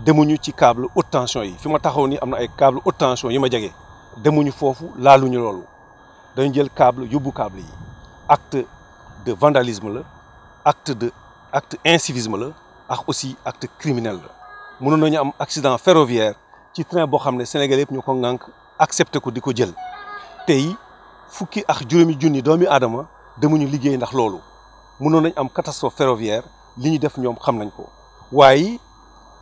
demuñu ci câble haute tension yi fi ma taxaw ni amna ay câble haute tension yi ma jege demuñu foofu laaluñu loolu dañu jël câble yobbu câble yi acte de vandalisme le acte de acte incivisme le ak aussi acte criminel la mënoon nañu am accident ferroviaire ci train bo xamné ne Sénégal yëpp ñoo ko accepté ko diko ko jël tey fukki ak juroomi junni doomi adama demuñu liggéey ndax loolu mënoon nañ am catastrophe ferroviaire li ñu def ñom xam nañ ko waye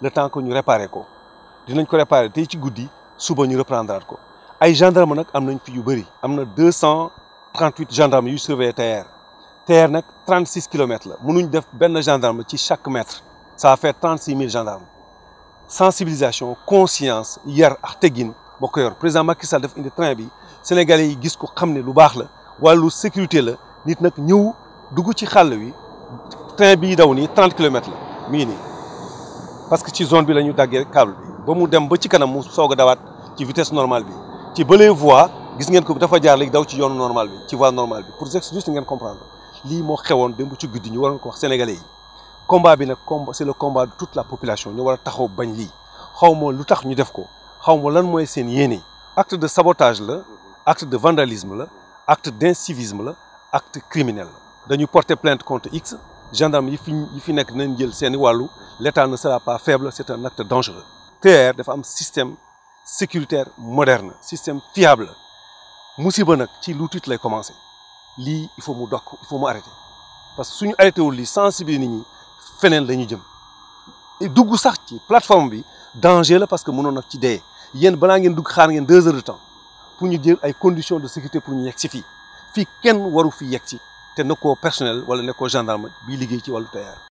le temps que ñu réparer ko dinañ ko réparer tay ci goudi suba ñu reprendra ko ay gendarmes nak amnañ fi yu bari amna 238 gendarmes yu surveiller terre terre nak 36 km la mënuñ def ben gendarme ci chaque mètre ça va faire 36 000 gendarmes sensibilisation conscience yar ak tegin bokk yor président Macky Sall def indi train bi sénégalais yi gis ko xamné lu bax la walu sécurité la nit nak ñew duggu ci xal wi train bi daw ni 30 km la mini parce que ci zone bi lañu ñu câble bi ba mu dem ba ci kanam mu soog dawat ci vitesse normale bi ci bële voix gis ngeen ko dafa jaar léegi daw ci yoonu normale bi ci voie normale bi pour juste ngeen comprendre lii moo xewoon démb ci guddi ñu waroon ko wax sénégalais yi combat bi nak combat c'est le combat de toute la population ñu war taxaw bañ li xawmo ma lu tax ñu def ko xawmo lan moy seen yéene acte de sabotage la acte de vandalisme la acte d'incivisme la acte criminel la dañu porter plainte contre X gendarme yi fi yi fi nekk nañ jël seeni walu l'État ne sera pas faible, c'est un acte dangereux. TER dafa am système sécuritaire moderne système fiable musiba nag ci lu tuuti lay commencé lii il faut mu dokk il faut mu parce que suñu arrêté wul sans sensibilités nit ñi feneen la ñu jëm dugg sax ci plateforme bi dangereuse parce que mënoon nag ci dee Il y a dugg xaar deux heures de temps pour nous jël ay conditions de sécurité pour ñu yegg si ken fii kenn waru fi yegg te nako personnel wala nekkoo gendarme bi liggéey ci walu tayar